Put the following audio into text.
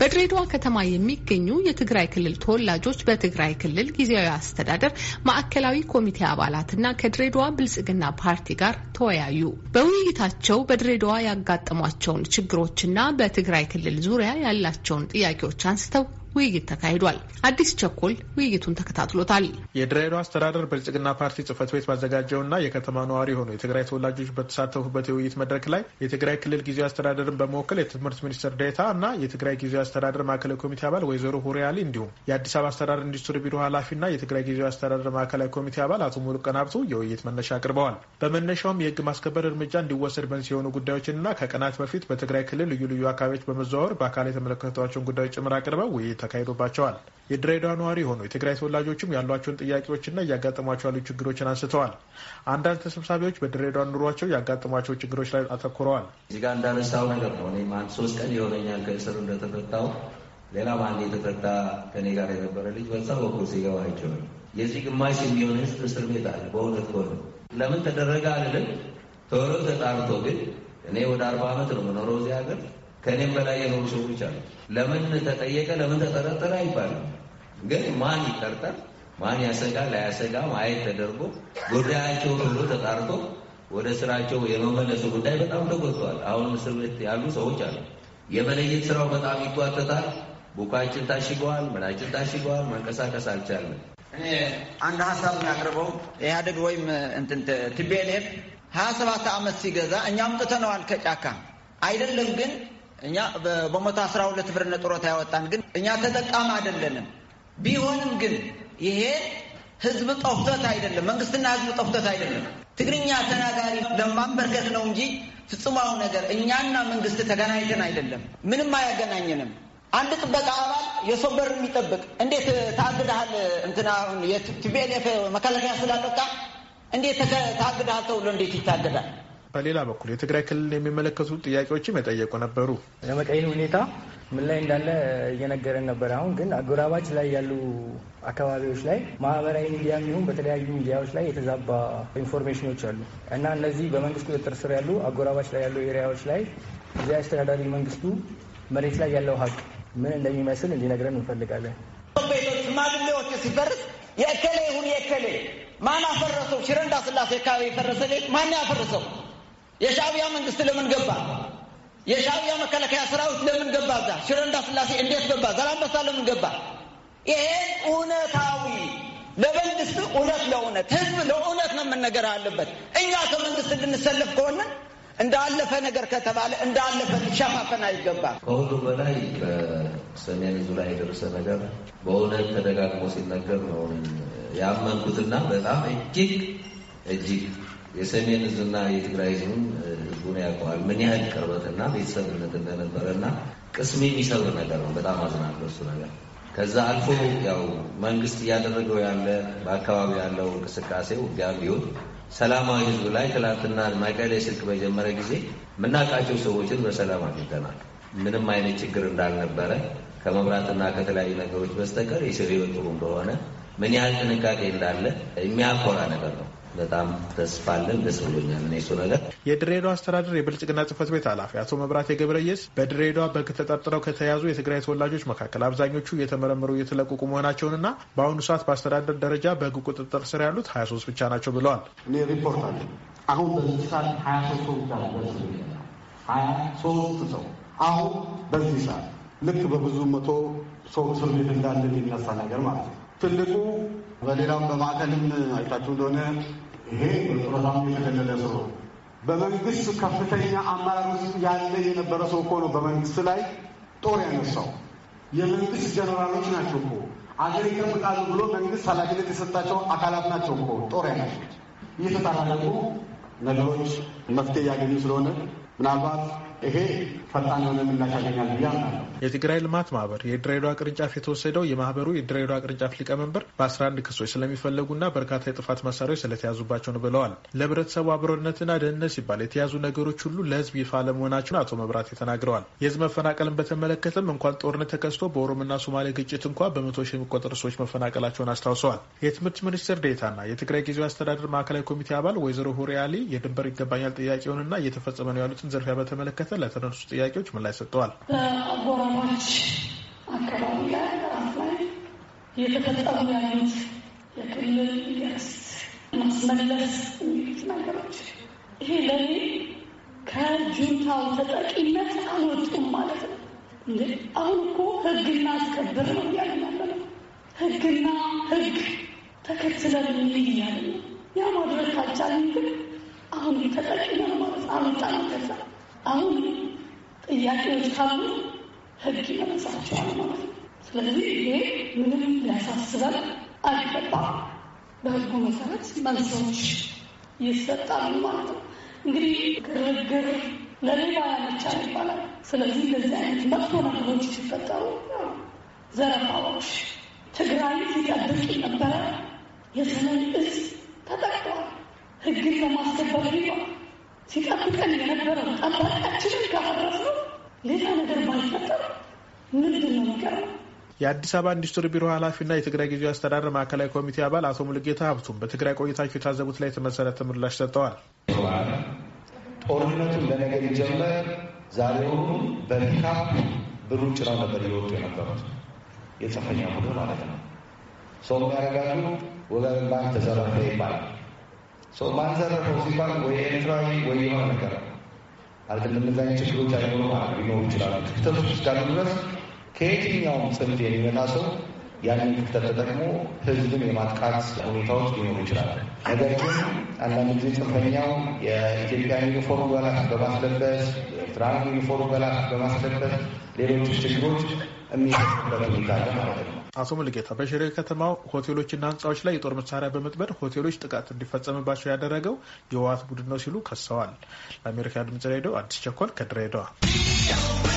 በድሬዳዋ ከተማ የሚገኙ የትግራይ ክልል ተወላጆች በትግራይ ክልል ጊዜያዊ አስተዳደር ማዕከላዊ ኮሚቴ አባላትና ከድሬዳዋ ብልጽግና ፓርቲ ጋር ተወያዩ። በውይይታቸው በድሬዳዋ ያጋጠሟቸውን ችግሮችና በትግራይ ክልል ዙሪያ ያላቸውን ጥያቄዎች አንስተው ውይይት ተካሂዷል። አዲስ ቸኮል ውይይቱን ተከታትሎታል። የድሬዳዋ አስተዳደር ብልጽግና ፓርቲ ጽህፈት ቤት ባዘጋጀውና የከተማ ነዋሪ የሆኑ የትግራይ ተወላጆች በተሳተፉበት የውይይት መድረክ ላይ የትግራይ ክልል ጊዜያዊ አስተዳደርን በመወከል የትምህርት ሚኒስትር ዴታ እና የትግራይ ጊዜያዊ አስተዳደር ማዕከላዊ ኮሚቴ አባል ወይዘሮ ሁሪያሊ እንዲሁም የአዲስ አበባ አስተዳደር ኢንዱስትሪ ቢሮ ኃላፊና የትግራይ ጊዜያዊ አስተዳደር ማዕከላዊ ኮሚቴ አባል አቶ ሙሉቀን ሀብቱ የውይይት መነሻ አቅርበዋል። በመነሻውም የህግ ማስከበር እርምጃ እንዲወሰድ በንስ የሆኑ ጉዳዮችንና ከቀናት በፊት በትግራይ ክልል ልዩ ልዩ አካባቢዎች በመዘዋወር በአካል የተመለከቷቸውን ጉዳዮች ጭምር አቅርበው ውይይት ተካሂዶባቸዋል። የድሬዳዋ ነዋሪ የሆኑ የትግራይ ተወላጆችም ያሏቸውን ጥያቄዎችና እያጋጠሟቸው ያሉ ችግሮችን አንስተዋል። አንዳንድ ተሰብሳቢዎች በድሬዳዋ ኑሯቸው ያጋጠሟቸው ችግሮች ላይ አተኩረዋል። እዚህ ጋር እንዳነሳው ነገር ነው። እኔም አንድ ሶስት ቀን የሆነኛል ከእስር እንደተፈታው ሌላ አንድ የተፈታ ከኔ ጋር የነበረ ልጅ በዛ በኩል ሲገባ አይቸዋል። የዚህ ግማሽ የሚሆን ህዝብ እስር ቤት አለ። በእውነት ከሆነ ለምን ተደረገ አልልም። ቶሎ ተጣርቶ ግን እኔ ወደ አርባ ዓመት ነው መኖረው እዚህ ሀገር ከእኔም በላይ የኖሩ ሰዎች አሉ። ለምን ተጠየቀ፣ ለምን ተጠረጠረ አይባልም። ግን ማን ይጠርጠር፣ ማን ያሰጋል፣ ላያሰጋ ማየት ተደርጎ ጉዳያቸው ሁሉ ተጣርቶ ወደ ስራቸው የመመለሱ ጉዳይ በጣም ተጎድቷል። አሁን እስር ቤት ያሉ ሰዎች አሉ። የመለየት ስራው በጣም ይጓተታል። ቡካችን ታሽገዋል፣ ምናችን ታሽገዋል። መንቀሳቀስ አልቻለም። አንድ ሀሳብ የሚያቅርበው ኢህአዴግ ወይም እንትን ቲፒኤልኤፍ ሀያ ሰባት ዓመት ሲገዛ እኛ አምጥተነዋል ከጫካ አይደለም ግን እኛ በመቶ አስራ ሁለት ብር ነው ጡረታ ያወጣን፣ ግን እኛ ተጠቃሚ አይደለንም። ቢሆንም ግን ይሄ ህዝብ ጠፍቶት አይደለም፣ መንግስትና ህዝብ ጠፍቶት አይደለም። ትግርኛ ተናጋሪ ለማንበርከት ነው እንጂ ፍጹማው ነገር እኛና መንግስት ተገናኝተን አይደለም። ምንም አያገናኘንም። አንድ ጥበቃ አባል የሰው በር የሚጠብቅ እንዴት ታግድሃል? እንትና አሁን የቲፒኤልኤፍ መከላከያ ስላለቃ እንዴት ታግድሃል ተብሎ እንዴት ይታገዳል? በሌላ በኩል የትግራይ ክልል የሚመለከቱ ጥያቄዎችም የጠየቁ ነበሩ። የመቀሌ ሁኔታ ምን ላይ እንዳለ እየነገረን ነበር። አሁን ግን አጎራባች ላይ ያሉ አካባቢዎች ላይ ማህበራዊ ሚዲያ የሚሆን በተለያዩ ሚዲያዎች ላይ የተዛባ ኢንፎርሜሽኖች አሉ እና እነዚህ በመንግስት ቁጥጥር ስር ያሉ አጎራባች ላይ ያሉ ኤሪያዎች ላይ እዚያ አስተዳዳሪ መንግስቱ መሬት ላይ ያለው ሀቅ ምን እንደሚመስል እንዲነግረን እንፈልጋለን። ቤቶች ሽማግሌዎች ሲፈርስ የእከሌ ይሁን የእከሌ ማን አፈረሰው? ሽረንዳ ስላሴ አካባቢ የፈረሰ ቤት ማን ያፈረሰው? የሻቢያ መንግስት ለምን ገባ? የሻቢያ መከላከያ ሰራዊት ለምን ገባ? እዛ ሽረ እንዳስላሴ እንዴት ገባ? ዛላምበሳ ለምን ገባ? ይሄን እውነታዊ ለመንግስት እውነት ለእውነት ህዝብ ለእውነት ነው አለበት። እኛ ከመንግስት እንድንሰለፍ ከሆነ እንዳለፈ ነገር ከተባለ እንዳለፈ ሊሸፋፈን አይገባም። ከሁሉ በላይ በሰሜን እዙ ላይ የደረሰ ነገር በእውነት ተደጋግሞ ሲነገር ነው ያመንኩትና በጣም እጅግ እጅግ የሰሜን ህዝብና የትግራይ ህዝብም ህዝቡን ያውቀዋል። ምን ያህል ቅርበትና ቤተሰብነት እንደነበረና ቅስሜ የሚሰብር ነገር ነው። በጣም አዝናለሁ እሱ ነገር። ከዛ አልፎ ያው መንግስት እያደረገው ያለ በአካባቢ ያለው እንቅስቃሴ ውጊያ ቢሆን ሰላማዊ ህዝብ ላይ ትላንትና መቀሌ ስልክ በጀመረ ጊዜ የምናውቃቸው ሰዎችን በሰላም አግኝተናል። ምንም አይነት ችግር እንዳልነበረ ከመብራትና ከተለያዩ ነገሮች በስተቀር የሰው ህይወት ጥሩ እንደሆነ ምን ያህል ጥንቃቄ እንዳለ የሚያኮራ ነገር ነው። በጣም ተስፋ አለን። ደስ ብሎኛል። ነ ሱ ነገር የድሬዳዋ አስተዳደር የብልጽግና ጽህፈት ቤት ኃላፊ አቶ መብራቴ ገብረየስ በድሬዳዋ በግ ተጠርጥረው ከተያዙ የትግራይ ተወላጆች መካከል አብዛኞቹ እየተመረመሩ እየተለቀቁ መሆናቸውንና በአሁኑ ሰዓት በአስተዳደር ደረጃ በግ ቁጥጥር ስር ያሉት ሀያ ሶስት ብቻ ናቸው ብለዋል። እኔ ሪፖርት አለ አሁን በዚህ ሰዓት ሀያ ሶስት ሰው ብቻ ነበር ሀያ ሶስት ሰው አሁን በዚህ ሰዓት ልክ በብዙ መቶ ሰው እስር ቤት እንዳለ የሚነሳ ነገር ማለት ነው። ትልቁ በሌላም በማዕከልም አይታችሁ እንደሆነ ይሄ በጡረታም የተገለለ ሰው በመንግስት ከፍተኛ አመራር ውስጥ ያለ የነበረ ሰው እኮ ነው በመንግስት ላይ ጦር ያነሳው። የመንግስት ጀነራሎች ናቸው እኮ አገር ይጠብቃሉ ብሎ መንግስት ኃላፊነት የሰጣቸው አካላት ናቸው እኮ ጦር ያነሱት። እየተጠራረቁ ነገሮች መፍትሄ ያገኙ ስለሆነ ምናልባት ይሄ ፈጣን የሆነ ምላሽ ያገኛል ብዬ አምናለሁ። የትግራይ ልማት ማህበር የድሬዳዋ ቅርንጫፍ የተወሰደው የማህበሩ የድሬዳዋ ቅርንጫፍ ሊቀመንበር በ11 ክሶች ስለሚፈለጉና በርካታ የጥፋት መሳሪያዎች ስለተያዙባቸው ነው ብለዋል። ለህብረተሰቡ አብሮነትና ደህንነት ሲባል የተያዙ ነገሮች ሁሉ ለህዝብ ይፋ ለመሆናቸውን አቶ መብራት ተናግረዋል። የህዝብ መፈናቀልን በተመለከተም እንኳን ጦርነት ተከስቶ በኦሮምና ሶማሌ ግጭት እንኳ በመቶ ሺህ የሚቆጠሩ ሰዎች መፈናቀላቸውን አስታውሰዋል። የትምህርት ሚኒስትር ዴኤታና የትግራይ ጊዜያዊ አስተዳደር ማዕከላዊ ኮሚቴ አባል ወይዘሮ ሁሪ አሊ የድንበር ይገባኛል ጥያቄውንና እየተፈጸመ ነው ያሉትን ዝርፊያ በተመለከተ በተመለከተ ለተነሱ ጥያቄዎች ምላሽ ሰጥተዋል። በአጎራባች አካባቢ ላይ ራስ ላይ የተፈጠሩ ያሉት የክልል የርስ ማስመለስ የሚሉት ነገሮች ይሄ ለእኔ ከጁንታው ተጠቂነት አልወጡም ማለት ነው። እንደ አሁን እኮ ህግና አስከብር ነው እያለን ያለ ነው። ህግና ህግ ተከትለን እንሂድ እያለን ነው። ያ ማድረግ ካልቻለን ግን አሁን ተጠቂ ነው ማለት አልወጣንም ከዛ አሁን ጥያቄዎች ካሉ ህግ ይመልሳቸዋል ማለት ነው። ስለዚህ ይሄ ምንም ሊያሳስበን አይገባም። በህጉ መሰረት መልሶች ይሰጣሉ ማለት ነው። እንግዲህ ግርግር ለሌላ ያመቻል ይባላል። ስለዚህ እንደዚህ አይነት መጥፎ ነገሮች ሲፈጠሩ ዘረፋዎች፣ ትግራይ ሲጠብቅ ነበረ የሰሜን እዝ ተጠቅቷል። ህግን ለማስከበር ሊባል ሲጠብቀን የነበረው ጠባቃችንን ካፈረስ ነው ሌላ ነገር ባይፈጠር ምንድን ነው የሚቀረው? የአዲስ አበባ ኢንዱስትሪ ቢሮ ኃላፊና የትግራይ ጊዜ አስተዳደር ማዕከላዊ ኮሚቴ አባል አቶ ሙልጌታ ሀብቱም በትግራይ ቆይታቸው የታዘቡት ላይ የተመሰረተ ምላሽ ሰጥተዋል። ጦርነቱን ለነገ ሊጀመር ዛሬውኑ በፒካፕ ብሩ ጭነው ነበር እየወጡ የነበሩት የጽንፈኛ ቡድን ማለት ነው። ሰው የሚያረጋሉ ወገን ባንክ ተዘረፈ ይባላል ማን ዘረፈው ሲባል ወይ ኤርትራዊ ወይ የሆነ ነገር አይደለም። እነዚያ ችግሮች አይኖሩ ሊኖሩ ይችላሉ። ክፍተቶች እስካሉ ድረስ ከየትኛውም ጽንፍ የሚመጣ ሰው ያንን ክፍተት ተጠቅሞ ህዝብን የማጥቃት ሁኔታዎች ሊኖሩ ይችላል። ነገር ግን አንዳንድ ጊዜ ጽንፈኛው የኢትዮጵያ ዩኒፎርም በላት በማስለበስ ኤርትራን ዩኒፎርም በላት በማስለበስ ሌሎች ችግሮች የሚደርስበት ሁኔታ ማለት ነው። አቶ ሙልጌታ በሽሬ ከተማው ሆቴሎችና ህንፃዎች ላይ የጦር መሳሪያ በመጥበድ ሆቴሎች ጥቃት እንዲፈጸምባቸው ያደረገው የህወሓት ቡድን ነው ሲሉ ከሰዋል። ለአሜሪካ ድምጽ ሬዲዮ አዲስ ቸኮል ከድሬዳዋ